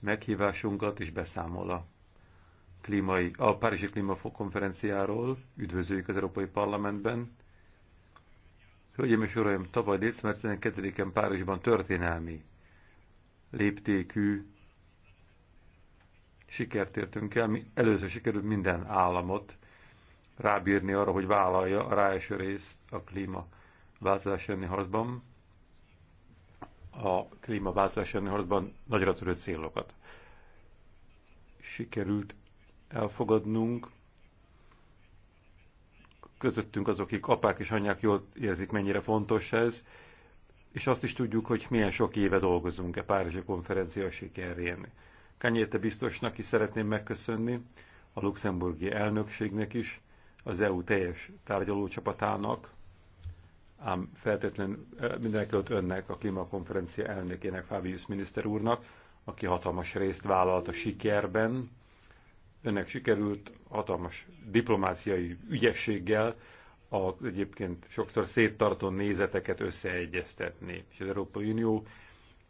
meghívásunkat és beszámol a, klímai, a Párizsi Klímakonferenciáról. Üdvözöljük az Európai Parlamentben. Hölgyeim és Uraim, tavaly december 12-en Párizsban történelmi léptékű sikert értünk el. Először sikerült minden államot rábírni arra, hogy vállalja a ráeső részt a változás elleni harcban a klímaváltozás elleni harcban nagyra törő célokat. Sikerült elfogadnunk közöttünk azok, akik apák és anyák jól érzik, mennyire fontos ez, és azt is tudjuk, hogy milyen sok éve dolgozunk a e Párizsi konferencia sikerén. Kanyéte biztosnak is szeretném megköszönni, a luxemburgi elnökségnek is, az EU teljes tárgyalócsapatának, ám feltétlenül mindenek önnek, a klímakonferencia elnökének, Fábius miniszter úrnak, aki hatalmas részt vállalt a sikerben. Önnek sikerült hatalmas diplomáciai ügyességgel az egyébként sokszor széttartó nézeteket összeegyeztetni. És az Európai Unió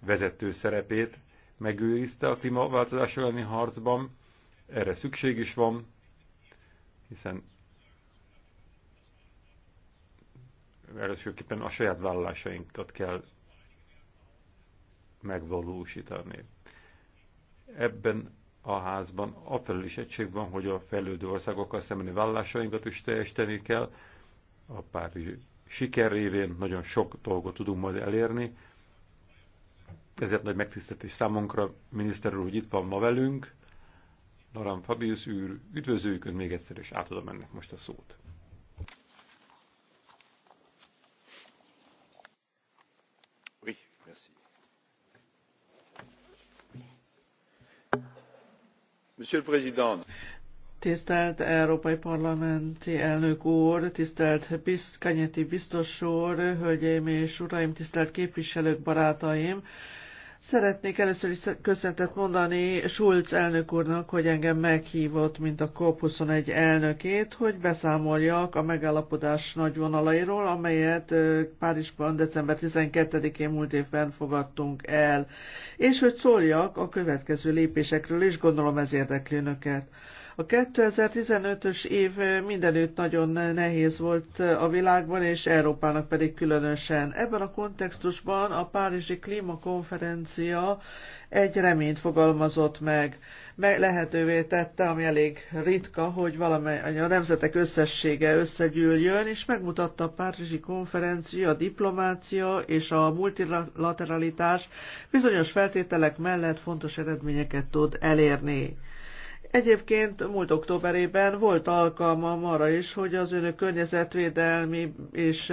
vezető szerepét megőrizte a klímaváltozás elleni harcban. Erre szükség is van, hiszen elsőképpen a saját vállalásainkat kell megvalósítani. Ebben a házban a egység van, hogy a fejlődő országokkal szembeni vállalásainkat is teljesíteni kell. A Párizsi siker révén nagyon sok dolgot tudunk majd elérni. Ezért nagy megtiszteltés számunkra, miniszter úr, hogy itt van ma velünk. Naram Fabius űr, üdvözlőjük Ön még egyszer, és átadom ennek most a szót. Tisztelt Európai Parlamenti Elnök úr, tisztelt Bizt, Kanyeti biztos úr, hölgyeim és uraim, tisztelt képviselők, barátaim! Szeretnék először is köszöntet mondani Schulz elnök úrnak, hogy engem meghívott, mint a COP21 elnökét, hogy beszámoljak a megállapodás nagy vonalairól, amelyet Párizsban december 12-én múlt évben fogadtunk el, és hogy szóljak a következő lépésekről is, gondolom ez érdekli önöket. A 2015-ös év mindenütt nagyon nehéz volt a világban, és Európának pedig különösen. Ebben a kontextusban a Párizsi Klímakonferencia egy reményt fogalmazott meg. meg lehetővé tette, ami elég ritka, hogy valamely a nemzetek összessége összegyűljön, és megmutatta a Párizsi konferencia, a diplomácia és a multilateralitás bizonyos feltételek mellett fontos eredményeket tud elérni. Egyébként múlt októberében volt alkalmam arra is, hogy az önök környezetvédelmi és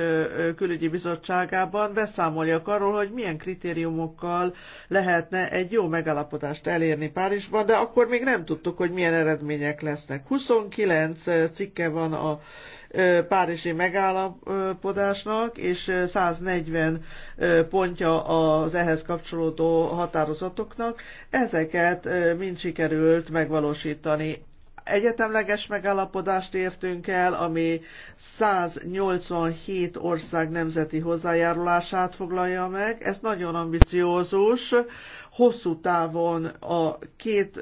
külügyi bizottságában beszámoljak arról, hogy milyen kritériumokkal lehetne egy jó megállapodást elérni Párizsban, de akkor még nem tudtuk, hogy milyen eredmények lesznek. 29 cikke van a Párizsi megállapodásnak, és 140 pontja az ehhez kapcsolódó határozatoknak. Ezeket mind sikerült megvalósítani egyetemleges megállapodást értünk el, ami 187 ország nemzeti hozzájárulását foglalja meg. Ez nagyon ambiciózus, hosszú távon a két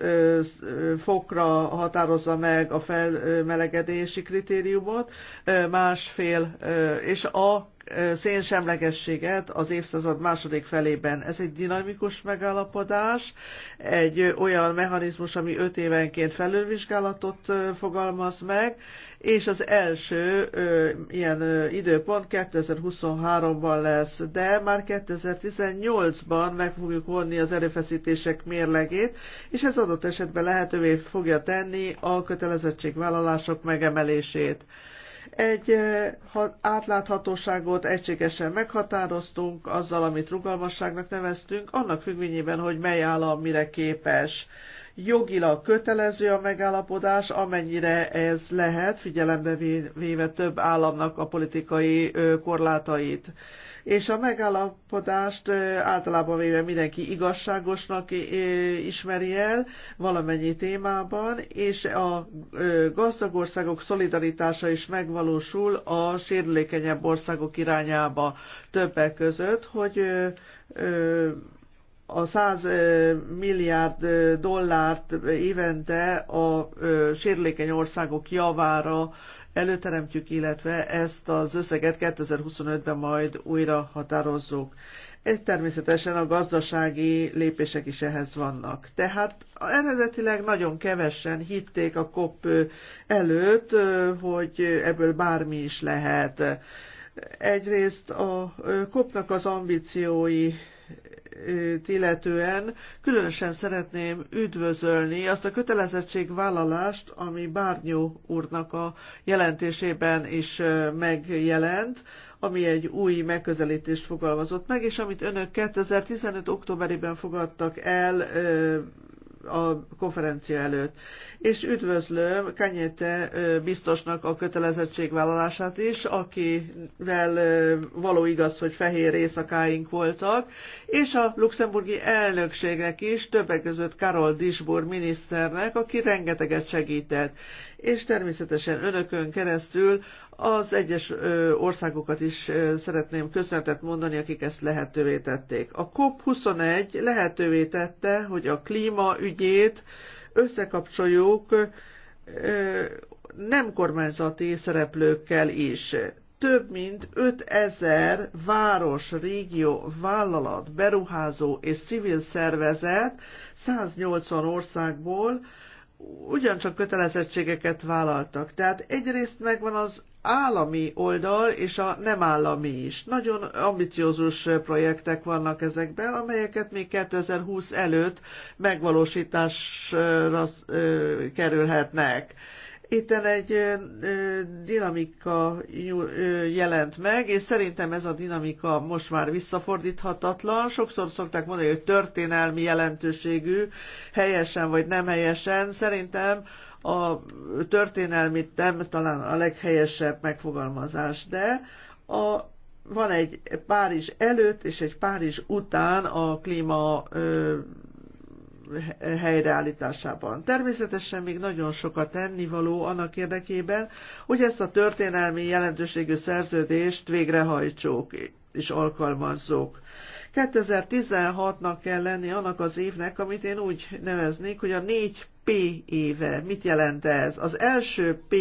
fokra határozza meg a felmelegedési kritériumot, másfél, és a szénsemlegességet az évszázad második felében. Ez egy dinamikus megállapodás, egy olyan mechanizmus, ami öt évenként felülvizsgálatot fogalmaz meg, és az első ö, ilyen ö, időpont 2023-ban lesz, de már 2018-ban meg fogjuk vonni az erőfeszítések mérlegét, és ez adott esetben lehetővé fogja tenni a kötelezettségvállalások megemelését. Egy átláthatóságot egységesen meghatároztunk azzal, amit rugalmasságnak neveztünk, annak függvényében, hogy mely állam mire képes jogilag kötelező a megállapodás, amennyire ez lehet, figyelembe véve több államnak a politikai korlátait és a megállapodást általában véve mindenki igazságosnak ismeri el valamennyi témában, és a gazdag országok szolidaritása is megvalósul a sérülékenyebb országok irányába többek között, hogy a 100 milliárd dollárt évente a sérülékeny országok javára előteremtjük, illetve ezt az összeget 2025-ben majd újra határozzuk. Természetesen a gazdasági lépések is ehhez vannak. Tehát eredetileg nagyon kevesen hitték a kop előtt, hogy ebből bármi is lehet. Egyrészt a kopnak az ambíciói illetően különösen szeretném üdvözölni azt a kötelezettségvállalást, ami Bárnyó úrnak a jelentésében is megjelent, ami egy új megközelítést fogalmazott meg, és amit önök 2015. októberében fogadtak el a konferencia előtt és üdvözlöm Kenyete biztosnak a kötelezettségvállalását is, akivel való igaz, hogy fehér éjszakáink voltak, és a luxemburgi elnökségnek is, többek között Karol Disbur miniszternek, aki rengeteget segített, és természetesen önökön keresztül az egyes országokat is szeretném köszönetet mondani, akik ezt lehetővé tették. A COP21 lehetővé tette, hogy a klíma ügyét összekapcsoljuk nem kormányzati szereplőkkel is. Több mint 5000 város, régió, vállalat, beruházó és civil szervezet 180 országból ugyancsak kötelezettségeket vállaltak. Tehát egyrészt megvan az állami oldal és a nem állami is. Nagyon ambiciózus projektek vannak ezekben, amelyeket még 2020 előtt megvalósításra kerülhetnek. Itt egy dinamika jelent meg, és szerintem ez a dinamika most már visszafordíthatatlan. Sokszor szokták mondani, hogy történelmi jelentőségű, helyesen vagy nem helyesen. Szerintem a történelmi nem talán a leghelyesebb megfogalmazás, de a, van egy Párizs előtt és egy Párizs után a klíma ö, helyreállításában. Természetesen még nagyon sokat tennivaló annak érdekében, hogy ezt a történelmi jelentőségű szerződést végrehajtsuk és alkalmazzuk. 2016-nak kell lenni annak az évnek, amit én úgy neveznék, hogy a négy P éve. Mit jelent ez? Az első P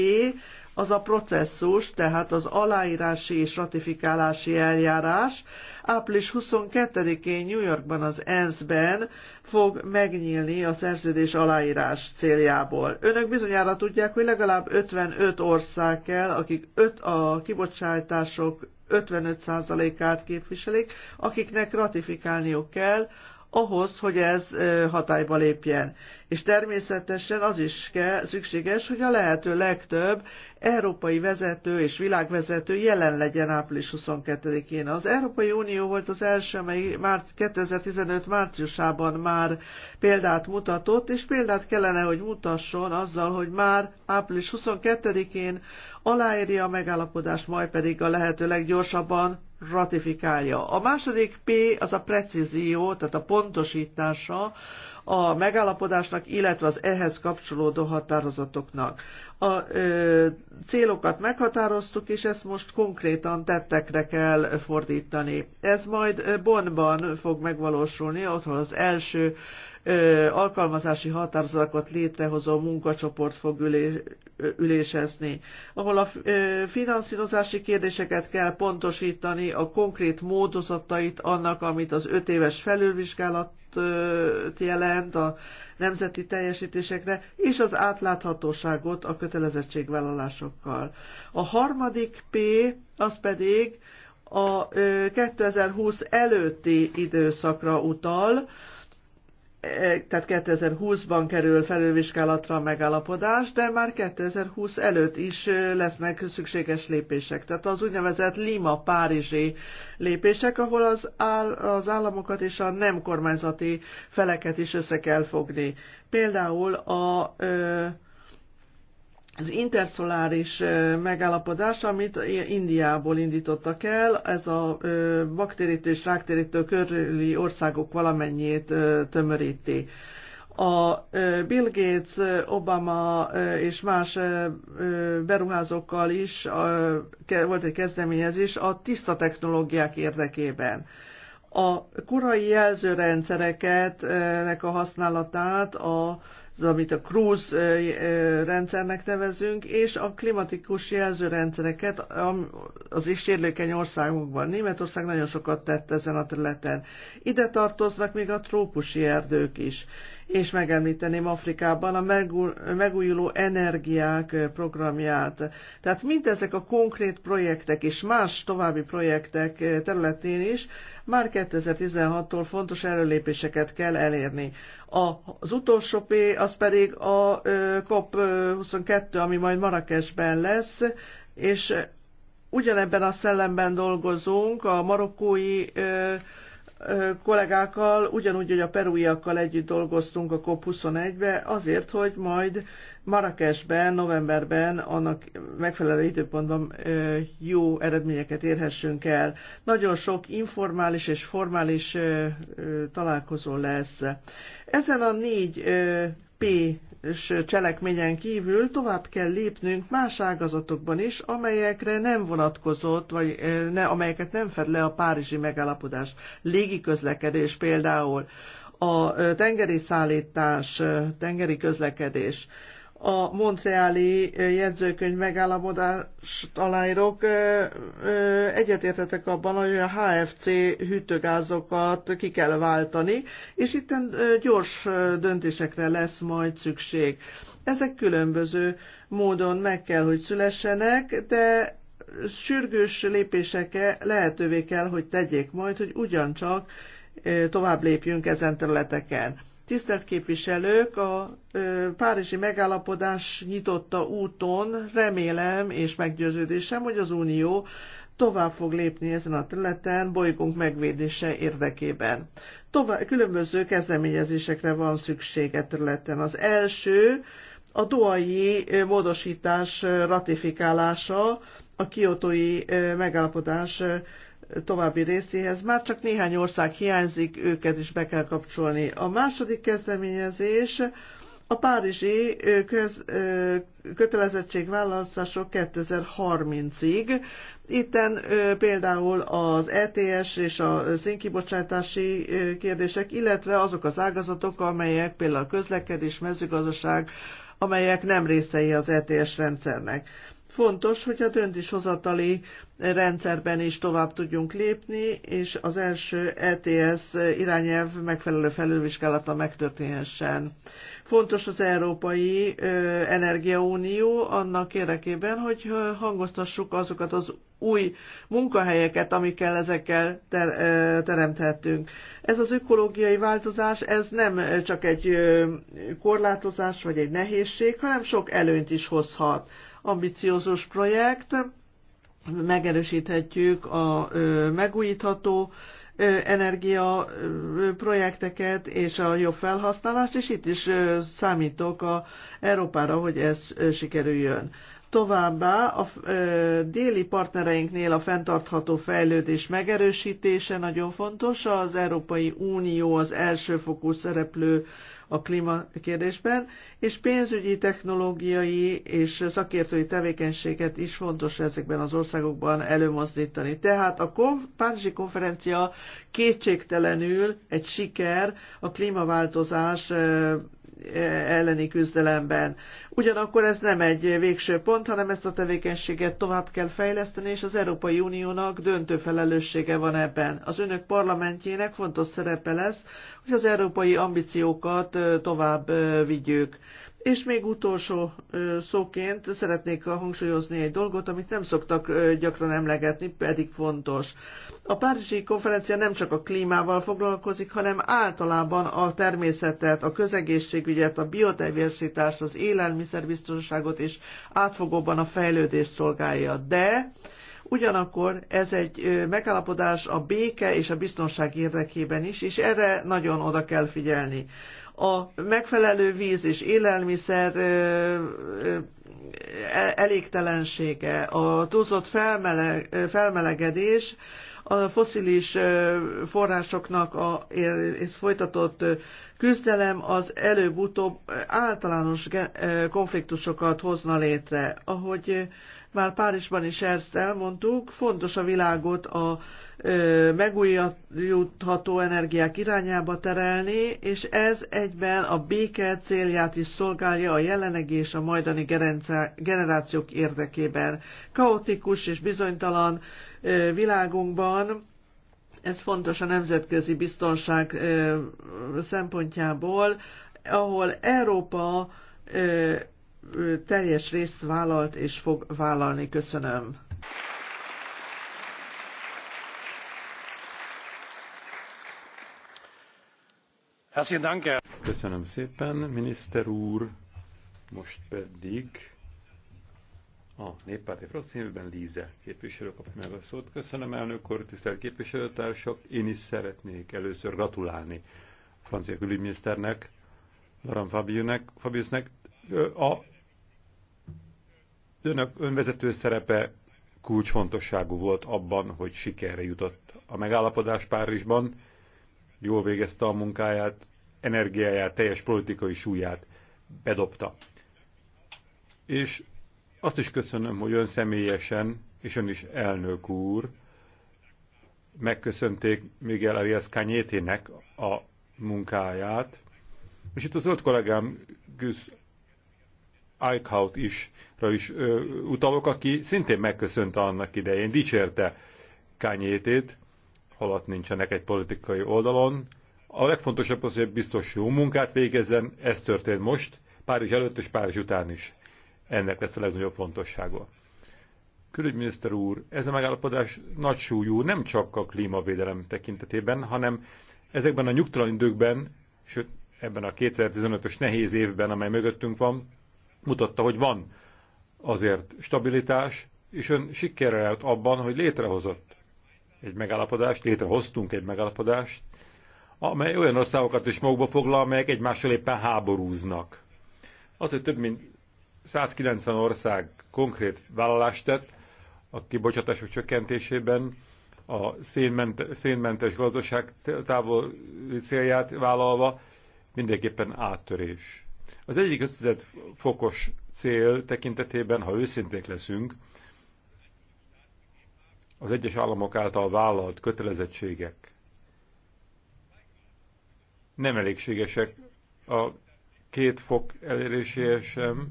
az a processzus, tehát az aláírási és ratifikálási eljárás április 22-én New Yorkban az ENSZ-ben fog megnyílni a szerződés aláírás céljából. Önök bizonyára tudják, hogy legalább 55 ország kell, akik öt a kibocsátások 55%-át képviselik, akiknek ratifikálniuk kell ahhoz, hogy ez hatályba lépjen. És természetesen az is kell, szükséges, hogy a lehető legtöbb európai vezető és világvezető jelen legyen április 22-én. Az Európai Unió volt az első, amely már 2015 márciusában már példát mutatott, és példát kellene, hogy mutasson azzal, hogy már április 22-én aláírja a megállapodást, majd pedig a lehető leggyorsabban ratifikálja. A második P az a precízió, tehát a pontosítása a megállapodásnak, illetve az ehhez kapcsolódó határozatoknak. A ö, célokat meghatároztuk, és ezt most konkrétan tettekre kell fordítani. Ez majd Bonban fog megvalósulni, otthon az első ö, alkalmazási határozatokat létrehozó munkacsoport fog ülé, ülésezni, ahol a ö, finanszírozási kérdéseket kell pontosítani, a konkrét módozatait annak, amit az öt éves felülvizsgálat jelent a nemzeti teljesítésekre, és az átláthatóságot a kötelezettségvállalásokkal. A harmadik P az pedig a 2020 előtti időszakra utal, tehát 2020-ban kerül felülvizsgálatra a megállapodás, de már 2020 előtt is lesznek szükséges lépések. Tehát az úgynevezett Lima-Párizsi lépések, ahol az, áll, az államokat és a nem kormányzati feleket is össze kell fogni. Például a ö, az interszoláris megállapodás, amit Indiából indítottak el, ez a baktérítő és ráktérítő körüli országok valamennyit tömöríti. A Bill Gates, Obama és más beruházókkal is volt egy kezdeményezés a tiszta technológiák érdekében a korai jelzőrendszereket, nek a használatát, a az, amit a Cruise rendszernek nevezünk, és a klimatikus jelzőrendszereket az is sérülékeny országokban. Németország nagyon sokat tett ezen a területen. Ide tartoznak még a trópusi erdők is. És megemlíteném Afrikában a megújuló energiák programját. Tehát mindezek a konkrét projektek és más további projektek területén is már 2016-tól fontos előlépéseket kell elérni. Az utolsó P, az pedig a COP22, ami majd Marrakesben lesz, és ugyanebben a szellemben dolgozunk a marokkói kollégákkal, ugyanúgy, hogy a peruiakkal együtt dolgoztunk a COP21-be, azért, hogy majd Marrakesben, novemberben, annak megfelelő időpontban jó eredményeket érhessünk el. Nagyon sok informális és formális találkozó lesz. Ezen a négy P és cselekményen kívül tovább kell lépnünk más ágazatokban is, amelyekre nem vonatkozott, vagy ne, amelyeket nem fed le a párizsi megállapodás. közlekedés például, a tengeri szállítás, tengeri közlekedés a Montreali jegyzőkönyv megállapodást aláírok, egyetértetek abban, hogy a HFC hűtőgázokat ki kell váltani, és itt gyors döntésekre lesz majd szükség. Ezek különböző módon meg kell, hogy szülessenek, de sürgős lépéseke lehetővé kell, hogy tegyék majd, hogy ugyancsak tovább lépjünk ezen területeken. Tisztelt képviselők, a Párizsi megállapodás nyitotta úton remélem és meggyőződésem, hogy az Unió tovább fog lépni ezen a területen bolygónk megvédése érdekében. Tovább, különböző kezdeményezésekre van szüksége területen. Az első a doai módosítás ratifikálása, a kiotói megállapodás további részéhez. Már csak néhány ország hiányzik, őket is be kell kapcsolni. A második kezdeményezés a párizsi köz, kötelezettségvállalások 2030-ig. Itten például az ETS és a szénkibocsátási kérdések, illetve azok az ágazatok, amelyek például közlekedés, mezőgazdaság, amelyek nem részei az ETS rendszernek. Fontos, hogy a döntéshozatali rendszerben is tovább tudjunk lépni, és az első ETS irányelv megfelelő felülvizsgálata megtörténhessen. Fontos az Európai Energiaunió annak érdekében, hogy hangoztassuk azokat az új munkahelyeket, amikkel ezekkel ter, teremthetünk. Ez az ökológiai változás, ez nem csak egy korlátozás vagy egy nehézség, hanem sok előnyt is hozhat ambiciózus projekt, megerősíthetjük a megújítható energia projekteket és a jobb felhasználást, és itt is számítok a Európára, hogy ez sikerüljön. Továbbá a déli partnereinknél a fenntartható fejlődés megerősítése nagyon fontos. Az Európai Unió az elsőfokú szereplő a klímakérdésben, és pénzügyi, technológiai és szakértői tevékenységet is fontos ezekben az országokban előmozdítani. Tehát a konf- Párizsi konferencia kétségtelenül egy siker a klímaváltozás eh, elleni küzdelemben. Ugyanakkor ez nem egy végső pont, hanem ezt a tevékenységet tovább kell fejleszteni, és az Európai Uniónak döntő felelőssége van ebben. Az önök parlamentjének fontos szerepe lesz, hogy az európai ambíciókat tovább vigyük. És még utolsó szóként szeretnék hangsúlyozni egy dolgot, amit nem szoktak gyakran emlegetni, pedig fontos. A Párizsi konferencia nem csak a klímával foglalkozik, hanem általában a természetet, a közegészségügyet, a biodiversitást, az élelmiszerbiztonságot és átfogóban a fejlődést szolgálja. De Ugyanakkor ez egy megállapodás a béke és a biztonság érdekében is, és erre nagyon oda kell figyelni a megfelelő víz és élelmiszer e-, elégtelensége, a túlzott felmeleg, felmelegedés, a foszilis forrásoknak a folytatott küzdelem az előbb-utóbb általános konfliktusokat hozna létre. Ahogy már Párizsban is ezt elmondtuk, fontos a világot a megújítható energiák irányába terelni, és ez egyben a béke célját is szolgálja a jelenlegi és a majdani generációk érdekében. Kaotikus és bizonytalan világunkban ez fontos a nemzetközi biztonság szempontjából, ahol Európa teljes részt vállalt és fog vállalni. Köszönöm. Köszönöm szépen, miniszter úr. Most pedig a néppárti frakcióban Líze képviselő kapja meg a szót. Köszönöm, elnök úr, tisztelt képviselőtársak. Én is szeretnék először gratulálni a francia külügyminiszternek, Laurent Fabiusnek, a önök önvezető szerepe kulcsfontosságú volt abban, hogy sikerre jutott a megállapodás Párizsban, jól végezte a munkáját, energiáját, teljes politikai súlyát bedobta. És azt is köszönöm, hogy ön személyesen, és ön is elnök úr, megköszönték Miguel Arias kanyétének a munkáját, és itt az öt kollégám Güsz Eichhout is, is ö, utalok, aki szintén megköszönte annak idején, dicsérte kányétét, halat nincsenek egy politikai oldalon. A legfontosabb az, hogy biztos jó munkát végezzen, ez történt most, Párizs előtt és Párizs után is. Ennek lesz a legnagyobb fontossága. Külügyminiszter úr, ez a megállapodás nagy súlyú nem csak a klímavédelem tekintetében, hanem ezekben a nyugtalan időkben, sőt ebben a 2015-ös nehéz évben, amely mögöttünk van, mutatta, hogy van azért stabilitás, és ön sikerre állt abban, hogy létrehozott egy megállapodást, létrehoztunk egy megállapodást, amely olyan országokat is magukba foglal, amelyek egymással éppen háborúznak. Az, hogy több mint 190 ország konkrét vállalást tett a kibocsátások csökkentésében, a szénmente, szénmentes gazdaság távol célját vállalva, mindenképpen áttörés. Az egyik 5 fokos cél tekintetében, ha őszinték leszünk, az egyes államok által vállalt kötelezettségek nem elégségesek a két fok eléréséhez sem.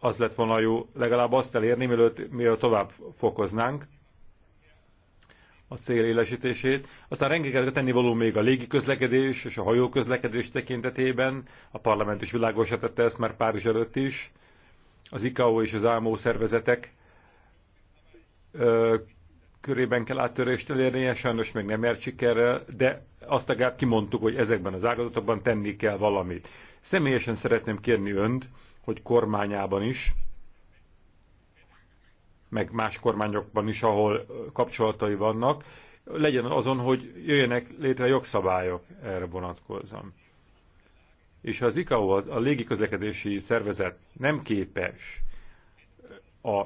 Az lett volna jó legalább azt elérni, mielőtt, mi tovább fokoznánk, a cél élesítését. Aztán rengeteg tennivaló még a légi közlekedés és a hajó közlekedés tekintetében. A parlament is világosra tette ezt már Párizs előtt is. Az ICAO és az AMO szervezetek ö, körében kell áttörést elérnie, sajnos még nem ért sikerrel, de azt legalább kimondtuk, hogy ezekben az ágazatokban tenni kell valamit. Személyesen szeretném kérni önt, hogy kormányában is meg más kormányokban is, ahol kapcsolatai vannak, legyen azon, hogy jöjjenek létre jogszabályok erre vonatkozóan. És ha az ICAO, a légiközlekedési szervezet nem képes a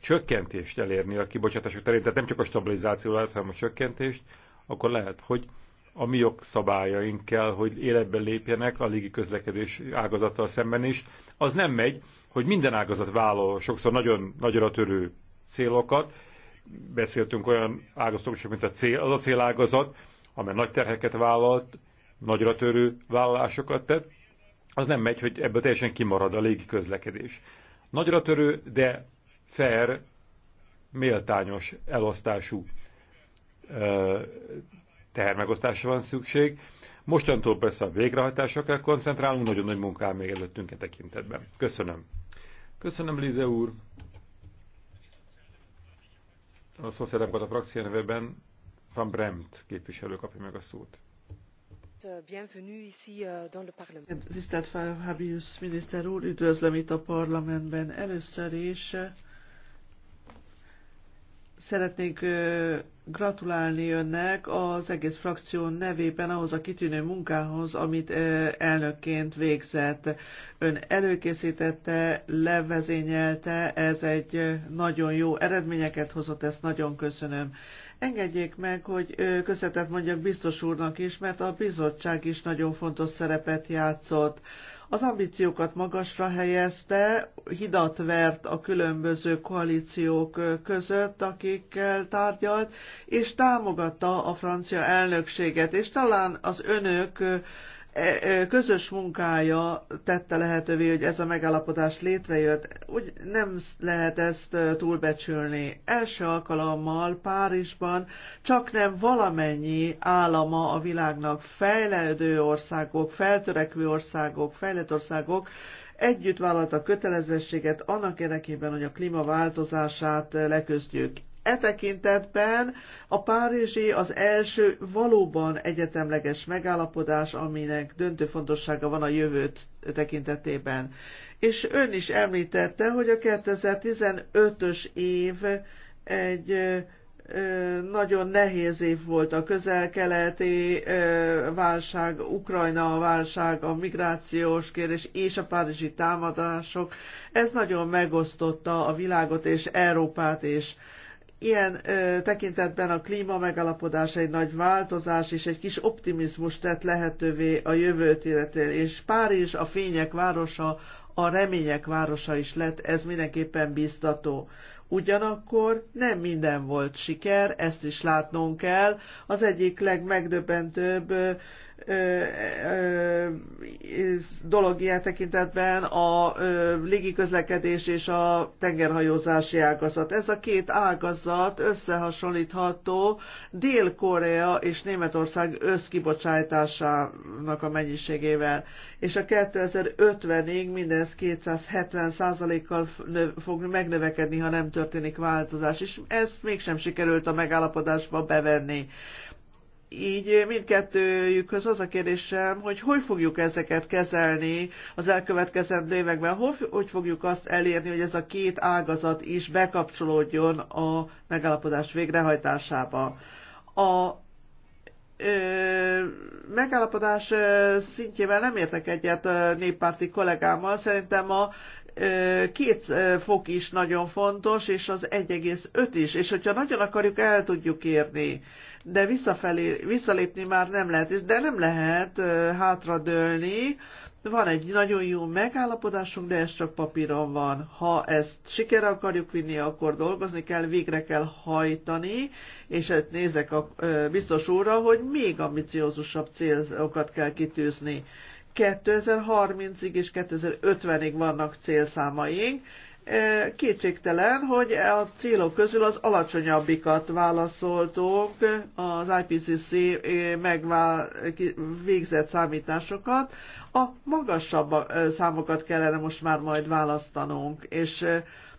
csökkentést elérni a kibocsátások terén, tehát nem csak a stabilizációt, hanem a csökkentést, akkor lehet, hogy a mi jogszabályaink kell, hogy életbe lépjenek a légiközlekedés ágazattal szemben is. Az nem megy, hogy minden ágazat vállal sokszor nagyon nagyra törő célokat. Beszéltünk olyan ágazatokról, mint a cél, az a célágazat, amely nagy terheket vállalt, nagyra törő vállalásokat tett, az nem megy, hogy ebből teljesen kimarad a légi közlekedés. Nagyra törő, de fair, méltányos elosztású tehermegosztásra van szükség. Mostantól persze a végrehajtásra kell koncentrálnunk, nagyon nagy munkám még előttünk e tekintetben. Köszönöm. Köszönöm, Lize úr. A Szociáldemokrata frakció nevében Van Bremt képviselő kapja meg a szót. Euh, Tisztelt Fabius miniszter úr, üdvözlöm itt a parlamentben. Először is euh, szeretnénk euh, gratulálni önnek az egész frakció nevében ahhoz a kitűnő munkához, amit elnökként végzett. Ön előkészítette, levezényelte, ez egy nagyon jó eredményeket hozott, ezt nagyon köszönöm. Engedjék meg, hogy köszönetet mondjak biztos úrnak is, mert a bizottság is nagyon fontos szerepet játszott az ambíciókat magasra helyezte, hidat vert a különböző koalíciók között, akikkel tárgyalt, és támogatta a francia elnökséget, és talán az önök E, e, közös munkája tette lehetővé, hogy ez a megállapodás létrejött. Úgy nem lehet ezt e, túlbecsülni. Első alkalommal Párizsban csak nem valamennyi állama a világnak fejlődő országok, feltörekvő országok, fejlett országok együtt vállalta kötelezettséget annak érdekében, hogy a klímaváltozását leküzdjük. E tekintetben a Párizsi az első valóban egyetemleges megállapodás, aminek döntő fontossága van a jövőt tekintetében. És ön is említette, hogy a 2015-ös év egy nagyon nehéz év volt a közel-keleti válság, Ukrajna válság, a migrációs kérdés és a párizsi támadások. Ez nagyon megosztotta a világot és Európát is. És Ilyen ö, tekintetben a klíma megalapodás egy nagy változás és egy kis optimizmus tett lehetővé a jövőt illetően, és Párizs a fények városa, a remények városa is lett, ez mindenképpen biztató. Ugyanakkor nem minden volt siker, ezt is látnunk kell. Az egyik legmegdöbbentőbb dolog ilyen tekintetben a légiközlekedés és a tengerhajózási ágazat. Ez a két ágazat összehasonlítható Dél-Korea és Németország összkibocsátásának a mennyiségével, és a 2050-ig mindez 270%-kal fog megnövekedni, ha nem történik változás, és ezt mégsem sikerült a megállapodásba bevenni így eh, mindkettőjükhöz az a kérdésem, hogy hogy fogjuk ezeket kezelni az elkövetkezendő években, hogy fogjuk azt elérni, hogy ez a két ágazat is bekapcsolódjon a megállapodás végrehajtásába. A ö, megállapodás szintjével nem értek egyet a néppárti kollégámmal. Szerintem a két fok is nagyon fontos, és az 1,5 is. És hogyha nagyon akarjuk, el tudjuk érni de visszafelé, visszalépni már nem lehet, de nem lehet hátradőlni, van egy nagyon jó megállapodásunk, de ez csak papíron van. Ha ezt sikerre akarjuk vinni, akkor dolgozni kell, végre kell hajtani, és ezt hát nézek a biztos úrra, hogy még ambiciózusabb célokat kell kitűzni. 2030-ig és 2050-ig vannak célszámaink, Kétségtelen, hogy a célok közül az alacsonyabbikat válaszoltunk, az IPCC megvál, végzett számításokat, a magasabb számokat kellene most már majd választanunk, és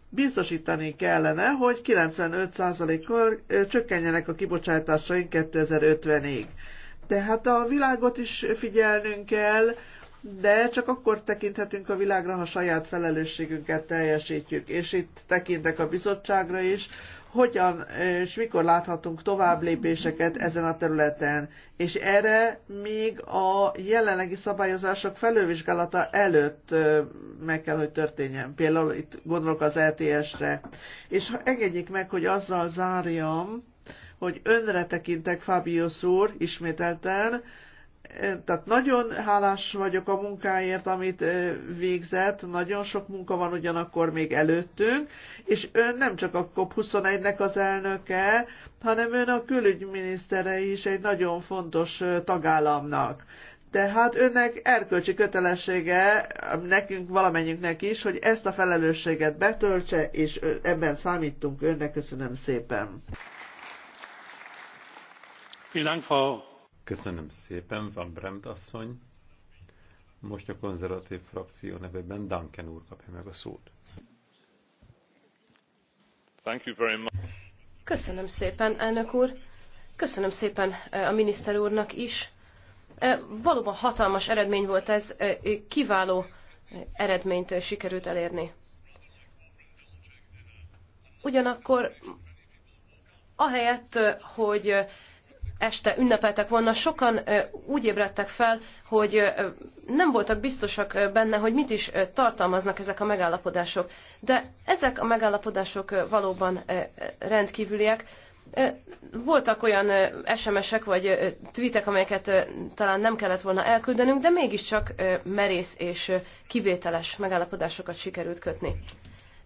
biztosítani kellene, hogy 95%-kal csökkenjenek a kibocsátásaink 2050-ig. Tehát a világot is figyelnünk kell, de csak akkor tekinthetünk a világra, ha saját felelősségünket teljesítjük. És itt tekintek a bizottságra is, hogyan és mikor láthatunk tovább lépéseket ezen a területen. És erre még a jelenlegi szabályozások felővizsgálata előtt meg kell, hogy történjen. Például itt gondolok az LTS-re. E és ha engedjék meg, hogy azzal zárjam, hogy önre tekintek Fabius úr ismételten, tehát nagyon hálás vagyok a munkáért, amit végzett, nagyon sok munka van ugyanakkor még előttünk, és ön nem csak a COP21-nek az elnöke, hanem ön a külügyminisztere is egy nagyon fontos tagállamnak. Tehát önnek erkölcsi kötelessége, nekünk valamennyünknek is, hogy ezt a felelősséget betöltse, és ebben számítunk önnek. Köszönöm szépen. Vielen Dank, Frau Köszönöm szépen, Van Bremt asszony. Most a konzervatív frakció nevében Duncan úr kapja meg a szót. Thank you very much. Köszönöm szépen, elnök úr. Köszönöm szépen a miniszter úrnak is. Valóban hatalmas eredmény volt ez, kiváló eredményt sikerült elérni. Ugyanakkor ahelyett, hogy este ünnepeltek volna, sokan úgy ébredtek fel, hogy nem voltak biztosak benne, hogy mit is tartalmaznak ezek a megállapodások. De ezek a megállapodások valóban rendkívüliek. Voltak olyan SMS-ek vagy tweetek, amelyeket talán nem kellett volna elküldenünk, de mégiscsak merész és kivételes megállapodásokat sikerült kötni.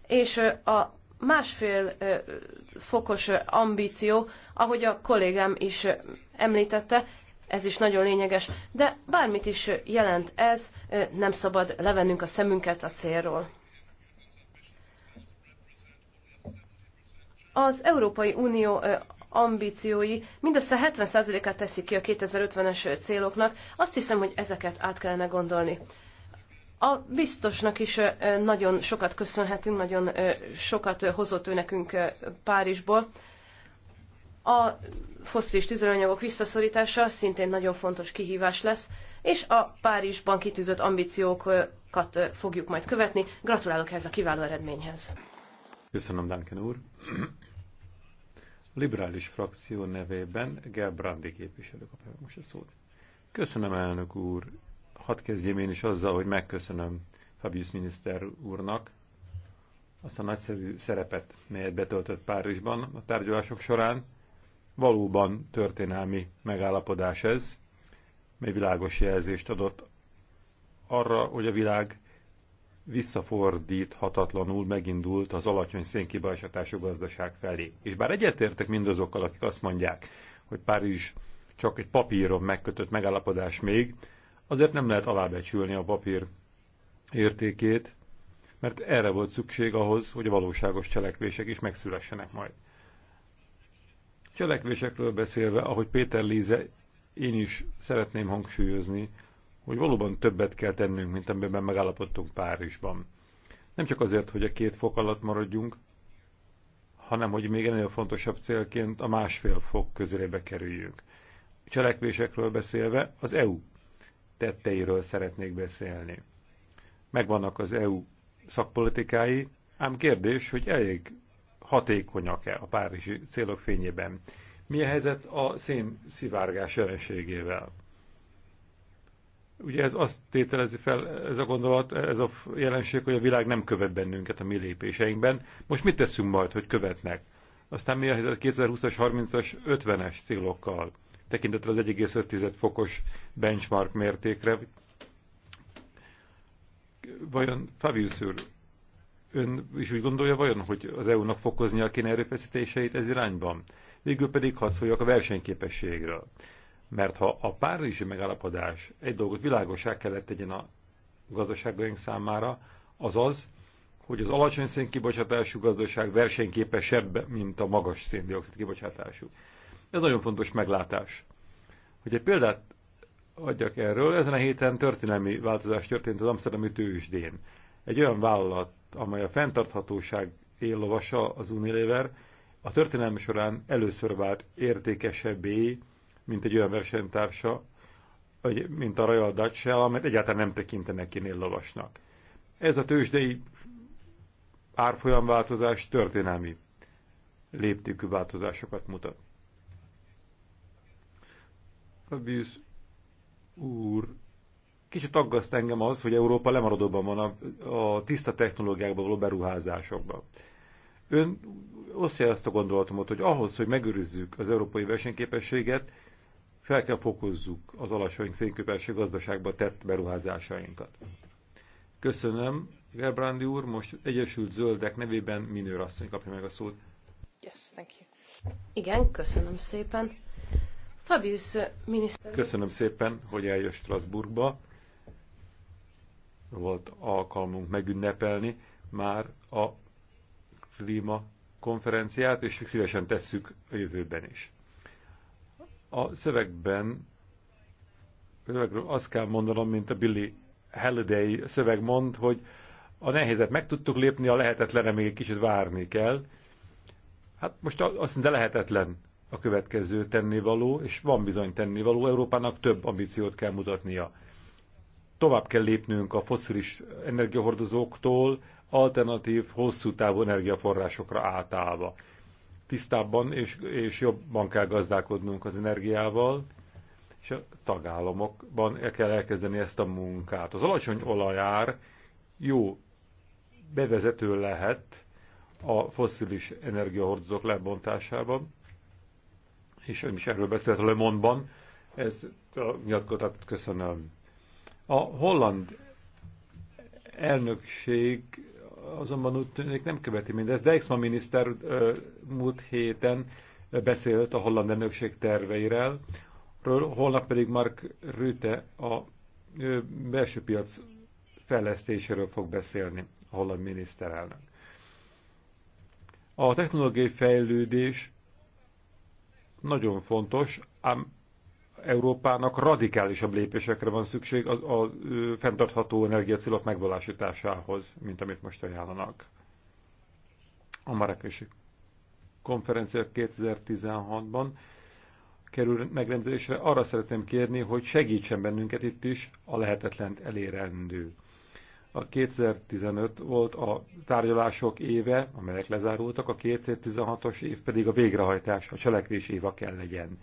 És a másfél fokos ambíció ahogy a kollégám is említette, ez is nagyon lényeges, de bármit is jelent ez, nem szabad levennünk a szemünket a célról. Az Európai Unió ambíciói mindössze 70%-át teszik ki a 2050-es céloknak, azt hiszem, hogy ezeket át kellene gondolni. A biztosnak is nagyon sokat köszönhetünk, nagyon sokat hozott ő nekünk Párizsból a fosszilis tüzelőanyagok visszaszorítása szintén nagyon fontos kihívás lesz, és a Párizsban kitűzött ambíciókat fogjuk majd követni. Gratulálok ehhez a kiváló eredményhez. Köszönöm, Duncan úr. Liberális frakció nevében Gerbrandi képviselő kapja most a szót. Köszönöm, elnök úr. Hadd kezdjem én is azzal, hogy megköszönöm Fabius miniszter úrnak azt a nagyszerű szerepet, melyet betöltött Párizsban a tárgyalások során Valóban történelmi megállapodás ez, mely világos jelzést adott arra, hogy a világ visszafordíthatatlanul megindult az alacsony szénkibajsatású gazdaság felé. És bár egyetértek mindazokkal, akik azt mondják, hogy Párizs csak egy papíron megkötött megállapodás még, azért nem lehet alábecsülni a papír értékét, mert erre volt szükség ahhoz, hogy a valóságos cselekvések is megszülessenek majd. Cselekvésekről beszélve, ahogy Péter Líze, én is szeretném hangsúlyozni, hogy valóban többet kell tennünk, mint amiben megállapodtunk Párizsban. Nem csak azért, hogy a két fok alatt maradjunk, hanem hogy még ennél fontosabb célként a másfél fok közelébe kerüljünk. Cselekvésekről beszélve az EU tetteiről szeretnék beszélni. Megvannak az EU szakpolitikái, ám kérdés, hogy elég hatékonyak-e a párizsi célok fényében? Mi a helyzet a szén szivárgás jelenségével? Ugye ez azt tételezi fel, ez a gondolat, ez a jelenség, hogy a világ nem követ bennünket a mi lépéseinkben. Most mit teszünk majd, hogy követnek? Aztán mi a helyzet 2020-as, 30-as, 50-es célokkal? Tekintetve az 1,5 fokos benchmark mértékre. Vajon Fabius úr, ön is úgy gondolja vajon, hogy az EU-nak fokoznia kéne erőfeszítéseit ez irányban? Végül pedig hadszoljak a versenyképességről. Mert ha a párizsi megállapodás egy dolgot világosá kellett tegyen a gazdaságaink számára, az az, hogy az alacsony szénkibocsátású gazdaság versenyképesebb, mint a magas széndiokszid kibocsátású. Ez nagyon fontos meglátás. Hogy egy példát adjak erről, ezen a héten történelmi változás történt az Amsterdami tőzsdén egy olyan vállalat, amely a fenntarthatóság éllovasa az Unilever, a történelem során először vált értékesebbé, mint egy olyan versenytársa, mint a Royal Dutch Shell, amit egyáltalán nem tekintenek ki lovasnak. Ez a tőzsdei árfolyamváltozás történelmi léptékű változásokat mutat. Fabius úr Kicsit aggaszt engem az, hogy Európa lemaradóban van a, a tiszta technológiákban való beruházásokban. Ön osztja ezt a gondolatomot, hogy ahhoz, hogy megőrizzük az európai versenyképességet, fel kell fokozzuk az alacsony szénképesség gazdaságba tett beruházásainkat. Köszönöm, Gerbrandi úr, most Egyesült Zöldek nevében Minőr asszony kapja meg a szót. Yes, thank you. Igen, köszönöm szépen. Fabius miniszter. Köszönöm szépen, hogy eljött Strasbourgba volt alkalmunk megünnepelni már a klíma konferenciát, és szívesen tesszük a jövőben is. A szövegben azt kell mondanom, mint a Billy Halliday szöveg mond, hogy a nehézet meg tudtuk lépni, a lehetetlenre még egy kicsit várni kell. Hát most azt mondja, lehetetlen a következő tennivaló, és van bizony tennivaló, Európának több ambíciót kell mutatnia tovább kell lépnünk a foszilis energiahordozóktól, alternatív, hosszú távú energiaforrásokra átállva. Tisztábban és, és jobban kell gazdálkodnunk az energiával, és a tagállamokban kell elkezdeni ezt a munkát. Az alacsony olajár jó bevezető lehet a foszilis energiahordozók lebontásában, és ön is erről beszélt a Le Monde-ban, Ez a nyilatkozatot köszönöm. A holland elnökség azonban úgy tűnik nem követi mindezt. Exma miniszter múlt héten beszélt a holland elnökség terveiről, holnap pedig Mark Rüte a belső piac fejlesztéséről fog beszélni a holland miniszterelnök. A technológiai fejlődés nagyon fontos, ám Európának radikálisabb lépésekre van szükség a, a fenntartható energiacélok megvalósításához, mint amit most ajánlanak. A Marekesi konferencia 2016-ban kerül megrendezésre, arra szeretném kérni, hogy segítsen bennünket itt is a lehetetlent elérendő. A 2015 volt a tárgyalások éve, amelyek lezárultak, a 2016-os év pedig a végrehajtás, a cselekvés éva kell legyen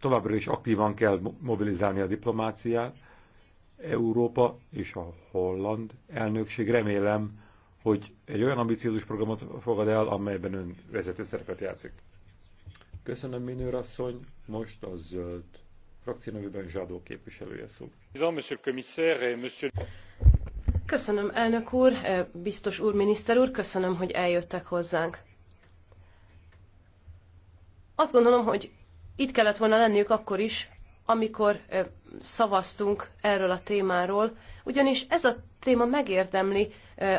továbbra is aktívan kell mobilizálni a diplomáciát. Európa és a holland elnökség remélem, hogy egy olyan ambiciózus programot fogad el, amelyben ön vezető szerepet játszik. Köszönöm, minőrasszony, Most a zöld frakció Zsadó képviselője szó. Köszönöm, elnök úr, eh, biztos úr, miniszter úr, köszönöm, hogy eljöttek hozzánk. Azt gondolom, hogy itt kellett volna lenniük akkor is, amikor szavaztunk erről a témáról, ugyanis ez a téma megérdemli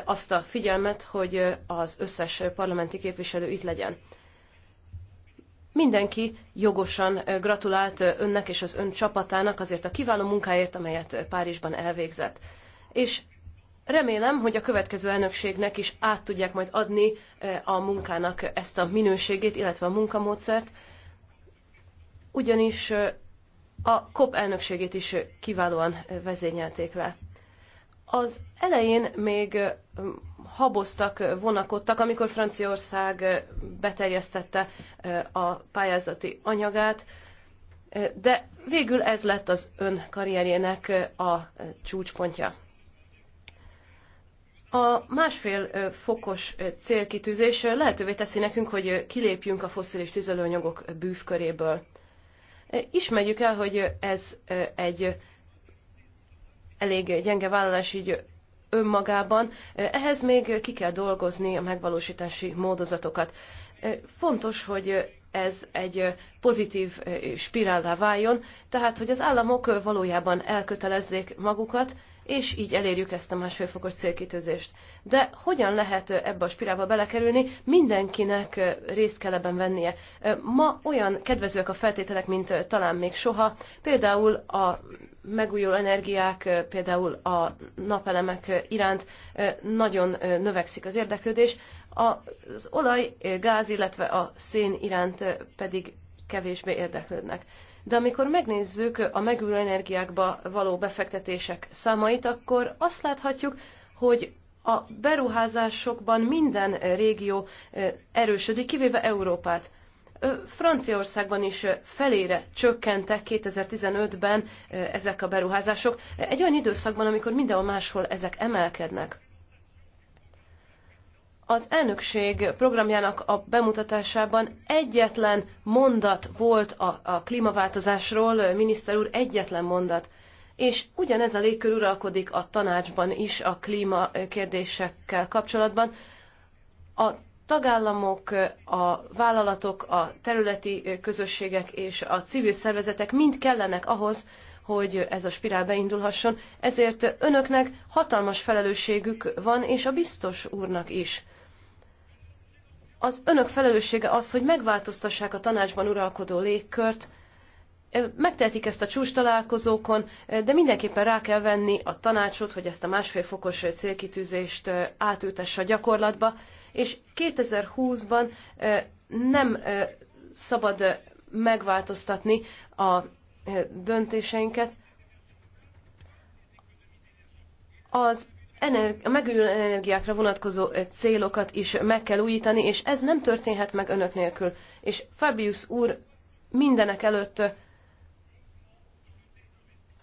azt a figyelmet, hogy az összes parlamenti képviselő itt legyen. Mindenki jogosan gratulált önnek és az ön csapatának azért a kiváló munkáért, amelyet Párizsban elvégzett. És remélem, hogy a következő elnökségnek is át tudják majd adni a munkának ezt a minőségét, illetve a munkamódszert, ugyanis a COP elnökségét is kiválóan vezényelték le. Az elején még haboztak, vonakodtak, amikor Franciaország beterjesztette a pályázati anyagát, de végül ez lett az ön karrierjének a csúcspontja. A másfél fokos célkitűzés lehetővé teszi nekünk, hogy kilépjünk a fosszilis tüzelőanyagok bűvköréből. Ismerjük el, hogy ez egy elég gyenge vállalás így önmagában. Ehhez még ki kell dolgozni a megvalósítási módozatokat. Fontos, hogy ez egy pozitív spirállá váljon, tehát hogy az államok valójában elkötelezzék magukat, és így elérjük ezt a másfél fokos célkitűzést. De hogyan lehet ebbe a spirálba belekerülni? Mindenkinek részt kell ebben vennie. Ma olyan kedvezőek a feltételek, mint talán még soha. Például a megújuló energiák, például a napelemek iránt nagyon növekszik az érdeklődés. Az olaj, gáz, illetve a szén iránt pedig kevésbé érdeklődnek. De amikor megnézzük a megújuló energiákba való befektetések számait, akkor azt láthatjuk, hogy a beruházásokban minden régió erősödik, kivéve Európát. Franciaországban is felére csökkentek 2015-ben ezek a beruházások, egy olyan időszakban, amikor mindenhol máshol ezek emelkednek az elnökség programjának a bemutatásában egyetlen mondat volt a, a klímaváltozásról, miniszter úr, egyetlen mondat. És ugyanez a légkör uralkodik a tanácsban is a klíma kérdésekkel kapcsolatban. A tagállamok, a vállalatok, a területi közösségek és a civil szervezetek mind kellenek ahhoz, hogy ez a spirál beindulhasson, ezért önöknek hatalmas felelősségük van, és a biztos úrnak is az önök felelőssége az, hogy megváltoztassák a tanácsban uralkodó légkört, megtehetik ezt a csúcs találkozókon, de mindenképpen rá kell venni a tanácsot, hogy ezt a másfél fokos célkitűzést átültesse a gyakorlatba, és 2020-ban nem szabad megváltoztatni a döntéseinket. Az a megújuló energiákra vonatkozó célokat is meg kell újítani, és ez nem történhet meg önök nélkül. És Fabius úr mindenek előtt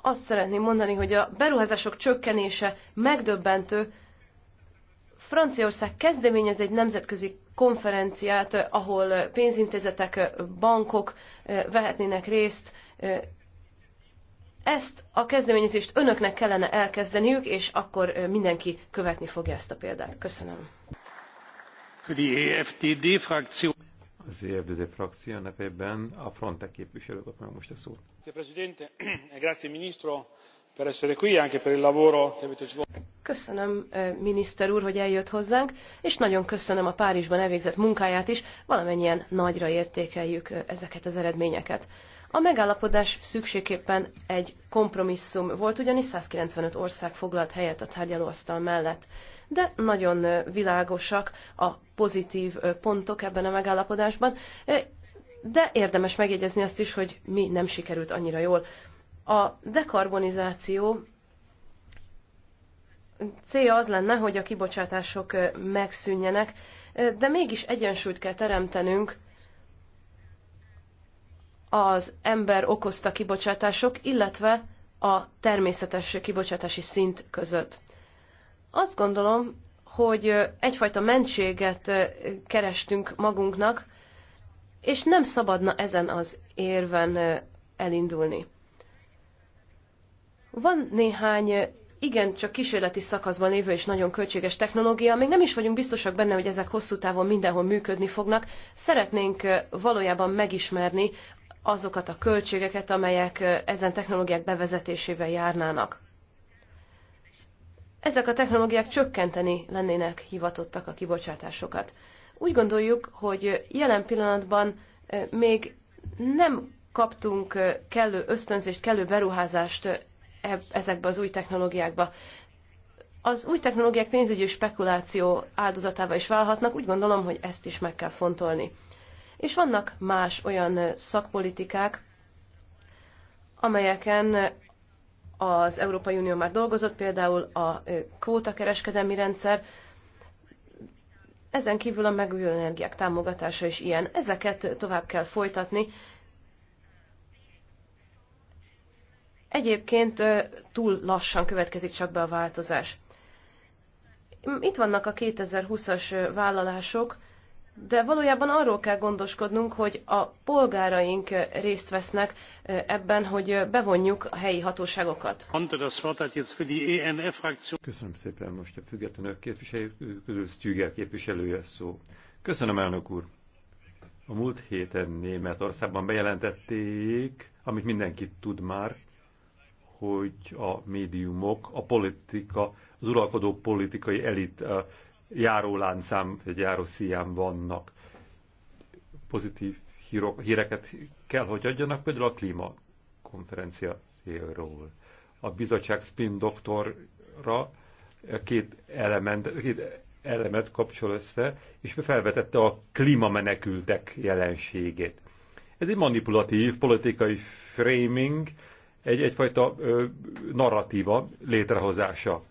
azt szeretném mondani, hogy a beruházások csökkenése megdöbbentő. Franciaország kezdeményez egy nemzetközi konferenciát, ahol pénzintézetek, bankok vehetnének részt, ezt a kezdeményezést önöknek kellene elkezdeniük, és akkor mindenki követni fogja ezt a példát. Köszönöm. E az EFDD frakció nevében a Frontek képviselő meg most a szót. Köszönöm, miniszter úr, hogy eljött hozzánk, és nagyon köszönöm a Párizsban elvégzett munkáját is, valamennyien nagyra értékeljük ezeket az eredményeket. A megállapodás szükségképpen egy kompromisszum volt, ugyanis 195 ország foglalt helyet a tárgyalóasztal mellett. De nagyon világosak a pozitív pontok ebben a megállapodásban, de érdemes megjegyezni azt is, hogy mi nem sikerült annyira jól. A dekarbonizáció célja az lenne, hogy a kibocsátások megszűnjenek, de mégis egyensúlyt kell teremtenünk az ember okozta kibocsátások, illetve a természetes kibocsátási szint között. Azt gondolom, hogy egyfajta mentséget kerestünk magunknak, és nem szabadna ezen az érven elindulni. Van néhány igen csak kísérleti szakaszban lévő és nagyon költséges technológia, még nem is vagyunk biztosak benne, hogy ezek hosszú távon mindenhol működni fognak. Szeretnénk valójában megismerni azokat a költségeket, amelyek ezen technológiák bevezetésével járnának. Ezek a technológiák csökkenteni lennének hivatottak a kibocsátásokat. Úgy gondoljuk, hogy jelen pillanatban még nem kaptunk kellő ösztönzést, kellő beruházást ezekbe az új technológiákba. Az új technológiák pénzügyi spekuláció áldozatává is válhatnak, úgy gondolom, hogy ezt is meg kell fontolni és vannak más olyan szakpolitikák, amelyeken az Európai Unió már dolgozott, például a kvótakereskedelmi rendszer, ezen kívül a megújuló energiák támogatása is ilyen. Ezeket tovább kell folytatni. Egyébként túl lassan következik csak be a változás. Itt vannak a 2020-as vállalások, de valójában arról kell gondoskodnunk, hogy a polgáraink részt vesznek ebben, hogy bevonjuk a helyi hatóságokat. Köszönöm szépen, most a függetlenök képviselő közül Stüger képviselője szó. Köszönöm, elnök úr. A múlt héten Németországban bejelentették, amit mindenki tud már, hogy a médiumok, a politika, az uralkodó politikai elit járóláncám, vagy járószíján vannak. Pozitív hírok, híreket kell, hogy adjanak, például a klímakonferencia célról. A bizottság spin doktorra két, element, két elemet kapcsol össze, és felvetette a klímamenekültek jelenségét. Ez egy manipulatív politikai framing, egy, egyfajta ö, narratíva létrehozása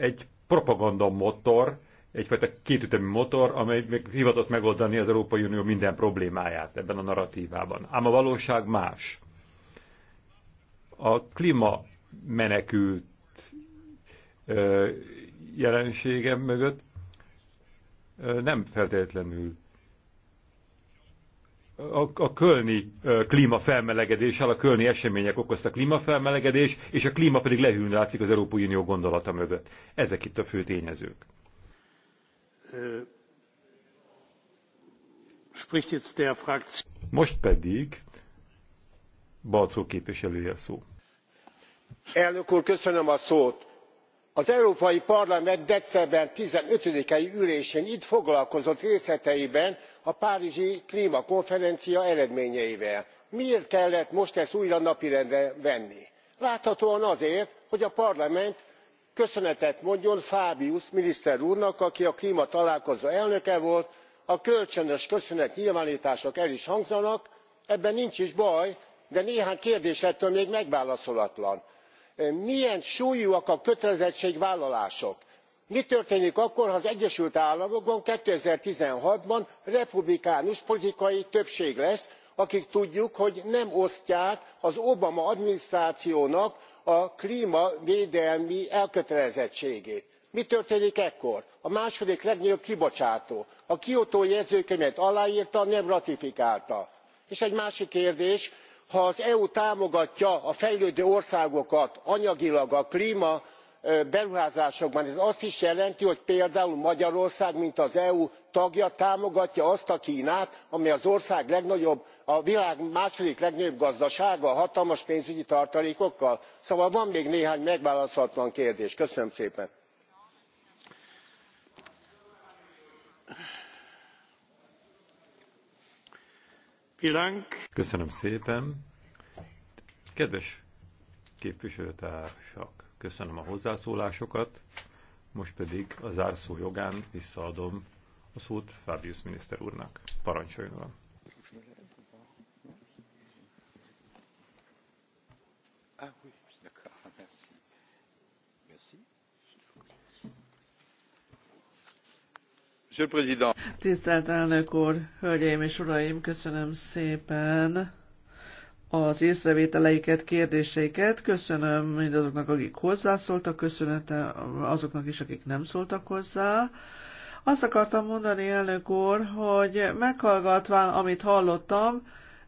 egy propaganda motor, egyfajta kétütemű motor, amely még hivatott megoldani az Európai Unió minden problémáját ebben a narratívában. Ám a valóság más. A klíma menekült jelensége mögött nem feltétlenül a, a kölni klímafelmelegedéssel, a kölni események okozta klímafelmelegedés, és a klíma pedig lehűlni látszik az Európai Unió gondolata mögött. Ezek itt a fő tényezők. Most pedig Balcó képviselője szó. Elnök úr, köszönöm a szót az európai parlament december fifteen i ülésén itt foglalkozott részleteiben a párizsi klmakonferencia eredményeivel. miért kellett most ezt újra napirendre venni? láthatóan azért hogy a parlament köszönetet mondjon fabius miniszter úrnak aki a klmatalálkozó elnöke volt a kölcsönös köszönetnyilvántások el is hangzanak ebben nincs is baj de néhány kérdés ettől még megválaszolatlan milyen súlyúak a kötelezettségvállalások. mi történik akkor ha az egyesült államokban two thousand and sixteen ban republikánus politikai többség lesz akik tudjuk hogy nem osztják az obama adminisztrációnak a klmavédelmi elkötelezettségét. mi történik ekkor? a második legnagyobb kibocsátó a kiotói jegyzőkönyvet alárta nem ratifikálta. és egy másik kérdés ha az eu támogatja a fejlődő országokat anyagilag a klmaberuházásokban ez azt is jelenti hogy például magyarország mint az eu tagja támogatja azt a knát amely az ország legnagyobb a világ második legnagyobb gazdasága hatalmas pénzügyi tartalékokkal? szóval van még néhány megválaszolatlan kérdés. köszönöm szépen! Köszönöm szépen. Kedves képviselőtársak, köszönöm a hozzászólásokat. Most pedig a zárszó jogán visszaadom a szót Fábius miniszter úrnak. Parancsoljon Ah, oui. Tisztelt elnök úr, hölgyeim és uraim, köszönöm szépen az észrevételeiket, kérdéseiket. Köszönöm mindazoknak, akik hozzászóltak, köszönete azoknak is, akik nem szóltak hozzá. Azt akartam mondani, elnök úr, hogy meghallgatván, amit hallottam,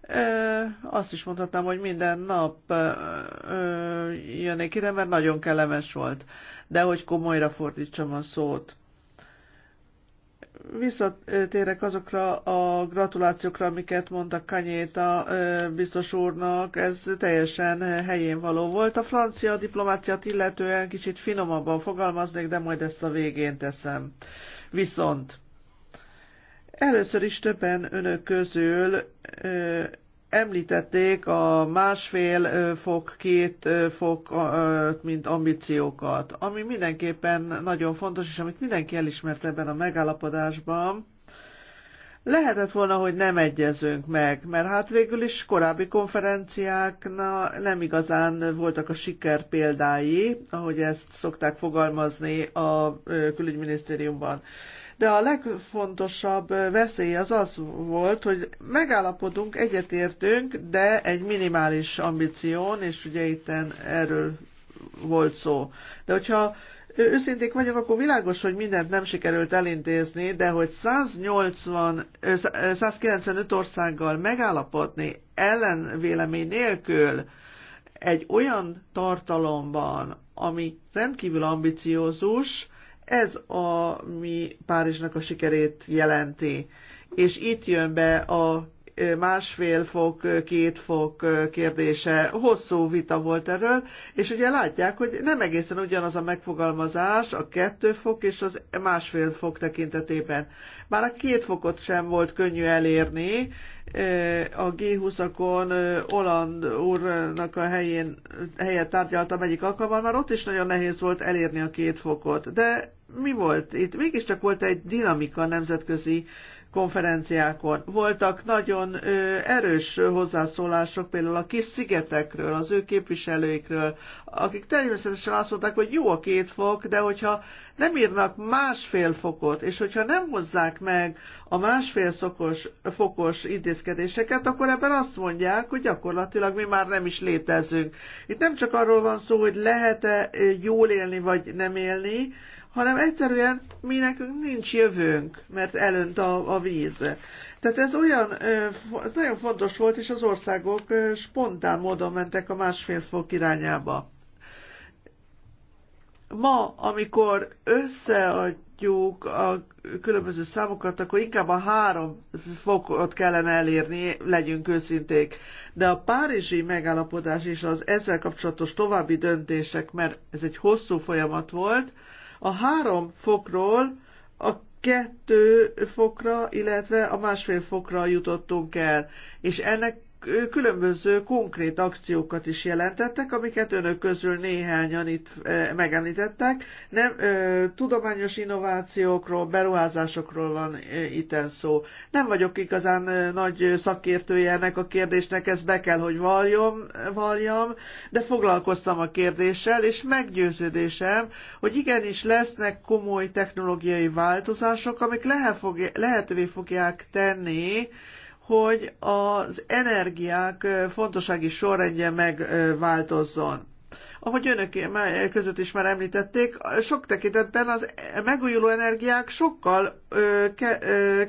Ö, azt is mondhatnám, hogy minden nap ö, ö, jönnék ide, mert nagyon kellemes volt. De hogy komolyra fordítsam a szót visszatérek azokra a gratulációkra, amiket mondtak a biztos úrnak, ez teljesen helyén való volt. A francia diplomáciát illetően kicsit finomabban fogalmaznék, de majd ezt a végén teszem. Viszont először is többen önök közül említették a másfél fok, két fok, mint ambíciókat, ami mindenképpen nagyon fontos, és amit mindenki elismert ebben a megállapodásban, Lehetett volna, hogy nem egyezünk meg, mert hát végül is korábbi konferenciák na, nem igazán voltak a siker példái, ahogy ezt szokták fogalmazni a külügyminisztériumban de a legfontosabb veszély az az volt, hogy megállapodunk, egyetértünk, de egy minimális ambíción, és ugye itten erről volt szó. De hogyha őszinték vagyok, akkor világos, hogy mindent nem sikerült elintézni, de hogy 180, 195 országgal megállapodni ellenvélemény nélkül egy olyan tartalomban, ami rendkívül ambiciózus, ez a mi Párizsnak a sikerét jelenti. És itt jön be a másfél fok, két fok kérdése. Hosszú vita volt erről, és ugye látják, hogy nem egészen ugyanaz a megfogalmazás a kettő fok és az másfél fok tekintetében. Már a két fokot sem volt könnyű elérni, a G20-akon Oland úrnak a helyén, helyet tárgyaltam egyik alkalommal, már ott is nagyon nehéz volt elérni a két fokot. De mi volt itt? Mégiscsak volt egy dinamika nemzetközi konferenciákon. Voltak nagyon erős hozzászólások például a kis szigetekről, az ő képviselőikről, akik természetesen azt mondták, hogy jó a két fok, de hogyha nem írnak másfél fokot, és hogyha nem hozzák meg a másfél szokos, fokos intézkedéseket, akkor ebben azt mondják, hogy gyakorlatilag mi már nem is létezünk. Itt nem csak arról van szó, hogy lehet-e jól élni vagy nem élni, hanem egyszerűen mi nekünk nincs jövőnk, mert elönt a, a víz. Tehát ez olyan, ez nagyon fontos volt, és az országok spontán módon mentek a másfél fok irányába. Ma, amikor összeadjuk a különböző számokat, akkor inkább a három fokot kellene elérni, legyünk őszinték. De a párizsi megállapodás és az ezzel kapcsolatos további döntések, mert ez egy hosszú folyamat volt, a három fokról a kettő fokra, illetve a másfél fokra jutottunk el, és ennek különböző konkrét akciókat is jelentettek, amiket önök közül néhányan itt eh, megemlítettek. Nem, eh, tudományos innovációkról, beruházásokról van eh, itt szó. Nem vagyok igazán nagy szakértője ennek a kérdésnek, ezt be kell, hogy valljam, valljam de foglalkoztam a kérdéssel, és meggyőződésem, hogy igenis lesznek komoly technológiai változások, amik lehet, lehetővé fogják tenni, hogy az energiák fontossági sorrendje megváltozzon ahogy önök között is már említették, sok tekintetben az megújuló energiák sokkal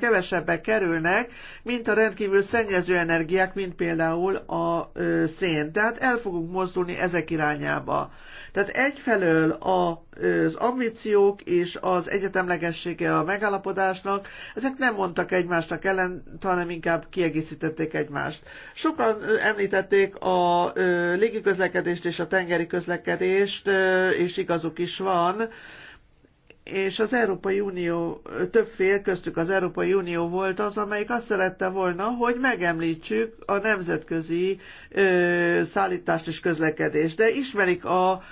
kevesebbe kerülnek, mint a rendkívül szennyező energiák, mint például a szén. Tehát el fogunk mozdulni ezek irányába. Tehát egyfelől a az ambíciók és az egyetemlegessége a megállapodásnak, ezek nem mondtak egymásnak ellen, hanem inkább kiegészítették egymást. Sokan említették a légiközlekedést és a tengeri közlekedést, és igazuk is van, és az Európai Unió, több fél köztük az Európai Unió volt az, amelyik azt szerette volna, hogy megemlítsük a nemzetközi ö, szállítást és közlekedést. De ismerik a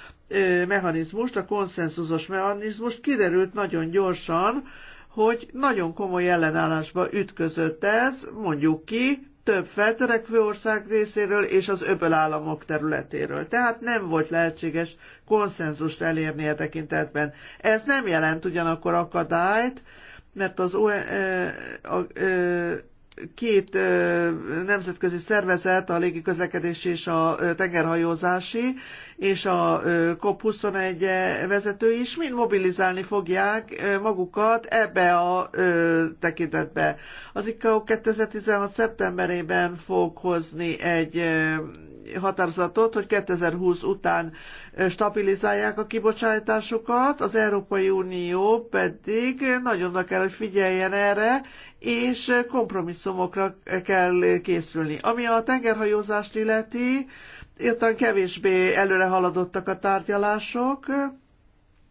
mechanizmust, a konszenzusos mechanizmust, kiderült nagyon gyorsan, hogy nagyon komoly ellenállásba ütközött ez, mondjuk ki, több feltörekvő ország részéről és az öböl államok területéről. Tehát nem volt lehetséges konszenzust elérni a e tekintetben. Ez nem jelent ugyanakkor akadályt, mert az, két nemzetközi szervezet, a közlekedési és a tengerhajózási, és a COP21 vezető is mind mobilizálni fogják magukat ebbe a tekintetbe. Az ICAO 2016. szeptemberében fog hozni egy határozatot, hogy 2020 után stabilizálják a kibocsátásukat, az Európai Unió pedig nagyon oda kell, hogy figyeljen erre, és kompromisszumokra kell készülni. Ami a tengerhajózást illeti, Értem kevésbé előre haladottak a tárgyalások,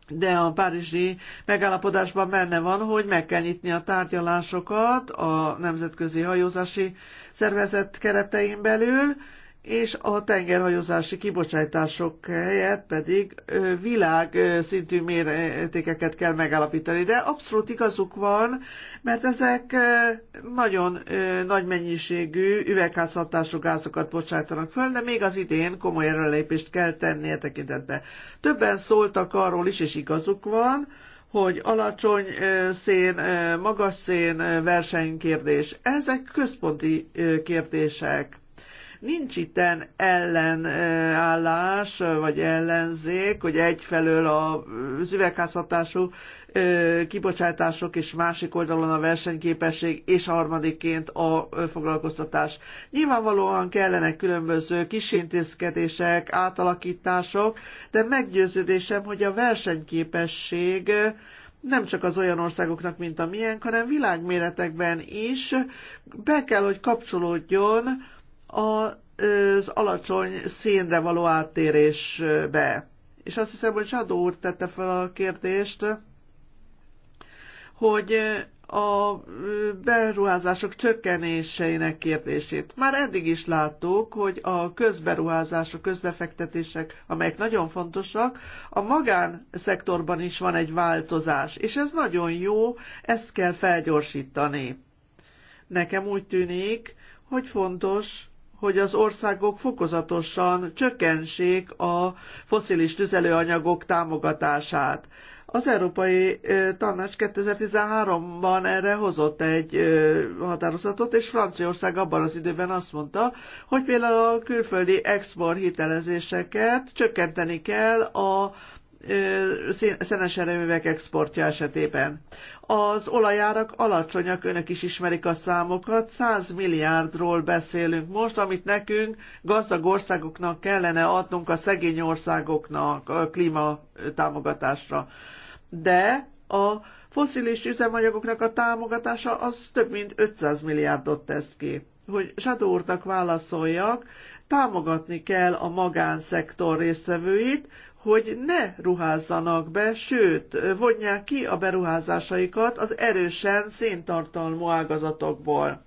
de a párizsi megállapodásban benne van, hogy meg kell nyitni a tárgyalásokat a Nemzetközi Hajózási Szervezet keretein belül, és a tengerhajózási kibocsátások helyett pedig világszintű mértékeket kell megállapítani. De abszolút igazuk van, mert ezek nagyon nagy mennyiségű üvegházhatású gázokat bocsátanak föl, de még az idén komoly erőlépést kell tenni a e tekintetbe. Többen szóltak arról is, és igazuk van, hogy alacsony szén, magas szén versenykérdés. Ezek központi kérdések Nincs itten ellenállás, vagy ellenzék, hogy egyfelől a üvegházhatású kibocsátások, és másik oldalon a versenyképesség, és harmadiként a foglalkoztatás. Nyilvánvalóan kellene különböző kisintézkedések, átalakítások, de meggyőződésem, hogy a versenyképesség nem csak az olyan országoknak, mint a miénk, hanem világméretekben is be kell, hogy kapcsolódjon az alacsony szénre való áttérésbe. És azt hiszem, hogy Zsadó úr tette fel a kérdést, hogy a beruházások csökkenéseinek kérdését. Már eddig is láttuk, hogy a közberuházások, közbefektetések, amelyek nagyon fontosak, a magánszektorban is van egy változás, és ez nagyon jó, ezt kell felgyorsítani. Nekem úgy tűnik, hogy fontos hogy az országok fokozatosan csökkentsék a foszilis tüzelőanyagok támogatását. Az Európai Tanács 2013-ban erre hozott egy határozatot, és Franciaország abban az időben azt mondta, hogy például a külföldi export hitelezéseket csökkenteni kell a szenes erőművek exportja esetében. Az olajárak alacsonyak, önök is ismerik a számokat, 100 milliárdról beszélünk most, amit nekünk gazdag országoknak kellene adnunk a szegény országoknak a klímatámogatásra. De a foszilis üzemanyagoknak a támogatása az több mint 500 milliárdot tesz ki. Hogy Sadó úrnak válaszoljak, támogatni kell a magánszektor résztvevőit, hogy ne ruházzanak be, sőt, vonják ki a beruházásaikat az erősen széntartalmú ágazatokból.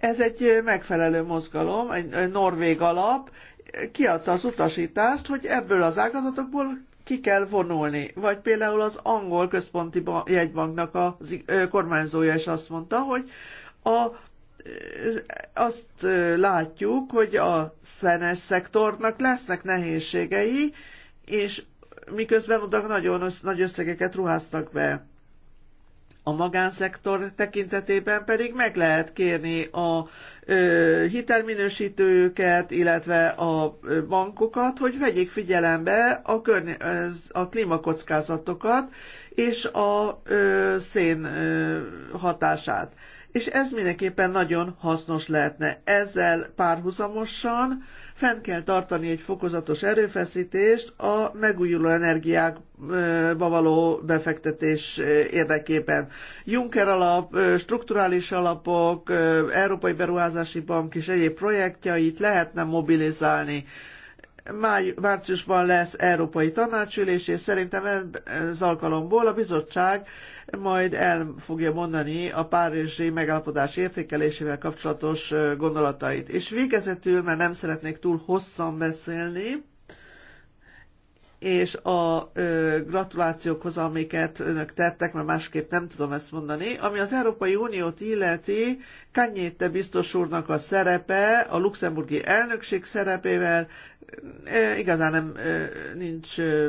Ez egy megfelelő mozgalom, egy norvég alap, kiadta az utasítást, hogy ebből az ágazatokból ki kell vonulni. Vagy például az angol központi jegybanknak a kormányzója is azt mondta, hogy a azt látjuk, hogy a szenes szektornak lesznek nehézségei, és miközben oda nagyon nagy összegeket ruháztak be. A magánszektor tekintetében pedig meg lehet kérni a ö, hitelminősítőket, illetve a bankokat, hogy vegyék figyelembe a, körny- a klímakockázatokat és a ö, szén ö, hatását. És ez mindenképpen nagyon hasznos lehetne. Ezzel párhuzamosan ö, fenn kell tartani egy fokozatos erőfeszítést a megújuló energiákba való befektetés érdekében. Juncker alap, strukturális alapok, Európai Beruházási Bank és egyéb projektjait lehetne mobilizálni máj, márciusban lesz európai tanácsülés, és szerintem ez alkalomból a bizottság majd el fogja mondani a párizsi megállapodás értékelésével kapcsolatos gondolatait. És végezetül, mert nem szeretnék túl hosszan beszélni, és a ö, gratulációkhoz, amiket önök tettek, mert másképp nem tudom ezt mondani. Ami az Európai Uniót illeti, Kanyéte biztos úrnak a szerepe, a luxemburgi elnökség szerepével, ö, igazán nem ö, nincs ö,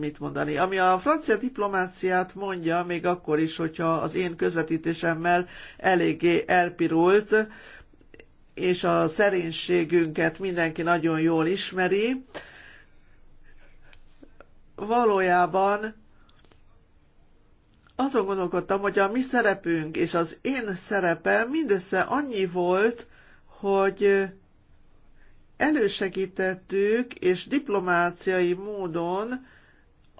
mit mondani. Ami a francia diplomáciát mondja, még akkor is, hogyha az én közvetítésemmel eléggé elpirult, és a szerénységünket mindenki nagyon jól ismeri, valójában azon gondolkodtam, hogy a mi szerepünk és az én szerepem mindössze annyi volt, hogy elősegítettük és diplomáciai módon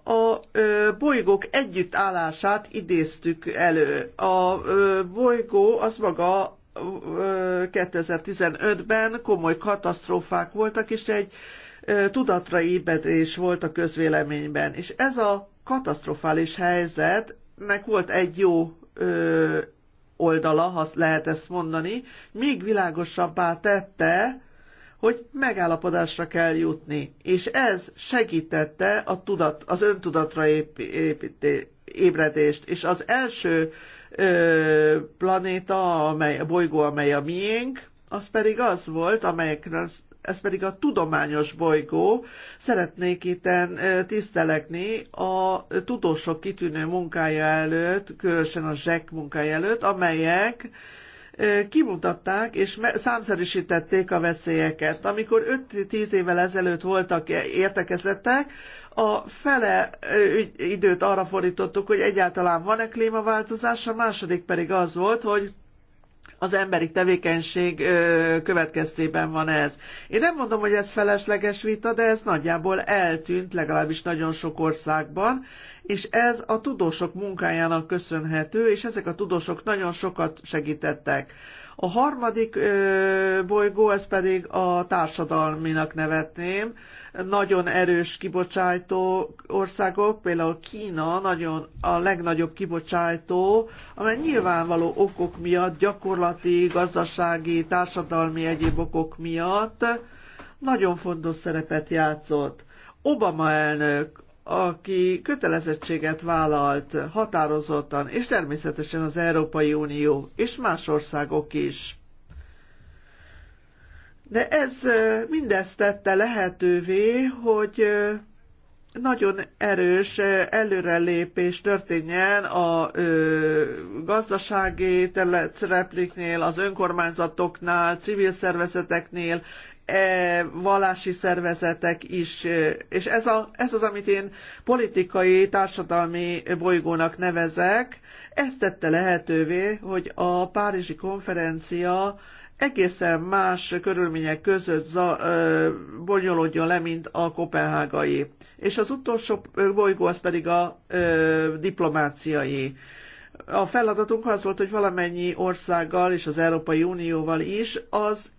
a ö, bolygók együttállását idéztük elő. A ö, bolygó az maga 2015-ben komoly katasztrófák voltak, és egy tudatra ébedés volt a közvéleményben. És ez a katasztrofális helyzetnek volt egy jó ö, oldala, ha lehet ezt mondani, még világosabbá tette, hogy megállapodásra kell jutni. És ez segítette a tudat, az öntudatra ép, ép, ébredést. És az első ö, planéta, amely, a bolygó, amely a miénk, az pedig az volt, amelyekről ez pedig a tudományos bolygó. Szeretnék itten eh, tisztelegni a tudósok kitűnő munkája előtt, különösen a zsek munkája előtt, amelyek eh, kimutatták és számszerűsítették a veszélyeket. Amikor 5-10 évvel ezelőtt voltak e-, értekezettek, a fele eh, időt arra fordítottuk, hogy egyáltalán van-e klímaváltozás, a második pedig az volt, hogy az emberi tevékenység következtében van ez. Én nem mondom, hogy ez felesleges vita, de ez nagyjából eltűnt, legalábbis nagyon sok országban, és ez a tudósok munkájának köszönhető, és ezek a tudósok nagyon sokat segítettek. A harmadik ö, bolygó, ez pedig a társadalminak nevetném. Nagyon erős kibocsátó országok, például Kína nagyon a legnagyobb kibocsátó, amely nyilvánvaló okok miatt, gyakorlati, gazdasági, társadalmi egyéb okok miatt nagyon fontos szerepet játszott. Obama elnök aki kötelezettséget vállalt határozottan, és természetesen az Európai Unió és más országok is. De ez mindezt tette lehetővé, hogy nagyon erős előrelépés történjen a gazdasági területszerepliknél, az önkormányzatoknál, civil szervezeteknél E, vallási szervezetek is, e, és ez, a, ez az, amit én politikai, társadalmi bolygónak nevezek, ez tette lehetővé, hogy a Párizsi konferencia egészen más körülmények között za, ö, e, bonyolodjon le, mint a kopenhágai. És az utolsó bolygó az pedig a ö, diplomáciai. A feladatunk az volt, hogy valamennyi országgal és az Európai Unióval is az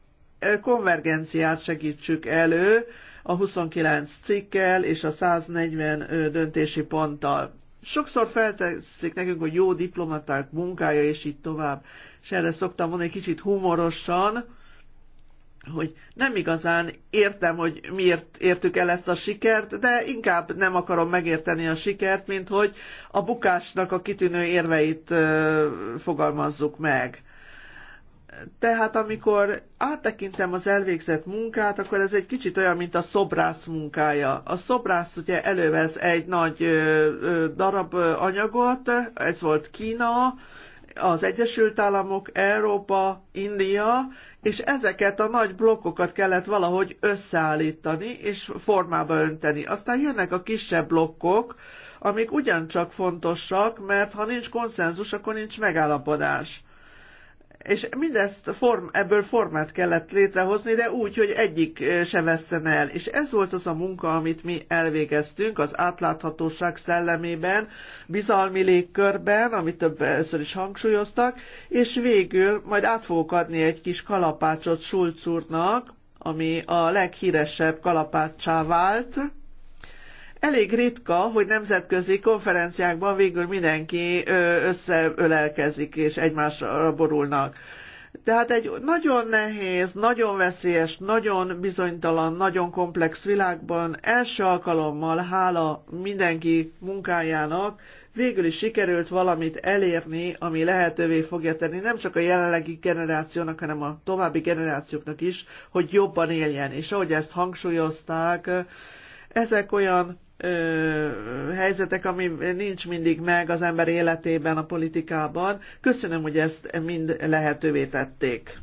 konvergenciát segítsük elő a 29 cikkel és a 140 döntési ponttal. Sokszor felteszik nekünk, hogy jó diplomaták munkája, és így tovább. És erre szoktam mondani kicsit humorosan, hogy nem igazán értem, hogy miért értük el ezt a sikert, de inkább nem akarom megérteni a sikert, mint hogy a bukásnak a kitűnő érveit fogalmazzuk meg. Tehát amikor áttekintem az elvégzett munkát, akkor ez egy kicsit olyan, mint a szobrász munkája. A szobrász ugye elővez egy nagy darab anyagot, ez volt Kína, az Egyesült Államok, Európa, India, és ezeket a nagy blokkokat kellett valahogy összeállítani és formába önteni. Aztán jönnek a kisebb blokkok, amik ugyancsak fontosak, mert ha nincs konszenzus, akkor nincs megállapodás. És mindezt form, ebből formát kellett létrehozni, de úgy, hogy egyik se vesszen el. És ez volt az a munka, amit mi elvégeztünk az átláthatóság szellemében, bizalmi légkörben, amit többször is hangsúlyoztak, és végül majd át fogok adni egy kis kalapácsot Schulz úrnak, ami a leghíresebb kalapáccsá vált, Elég ritka, hogy nemzetközi konferenciákban végül mindenki összeölelkezik és egymásra borulnak. Tehát egy nagyon nehéz, nagyon veszélyes, nagyon bizonytalan, nagyon komplex világban első alkalommal, hála mindenki munkájának, végül is sikerült valamit elérni, ami lehetővé fogja tenni nem csak a jelenlegi generációnak, hanem a további generációknak is, hogy jobban éljen. És ahogy ezt hangsúlyozták, ezek olyan ö, helyzetek, ami nincs mindig meg az ember életében, a politikában. Köszönöm, hogy ezt mind lehetővé tették.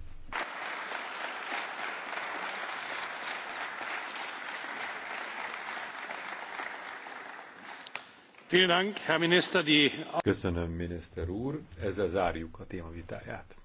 Köszönöm, miniszter úr. Ezzel zárjuk a témavitáját.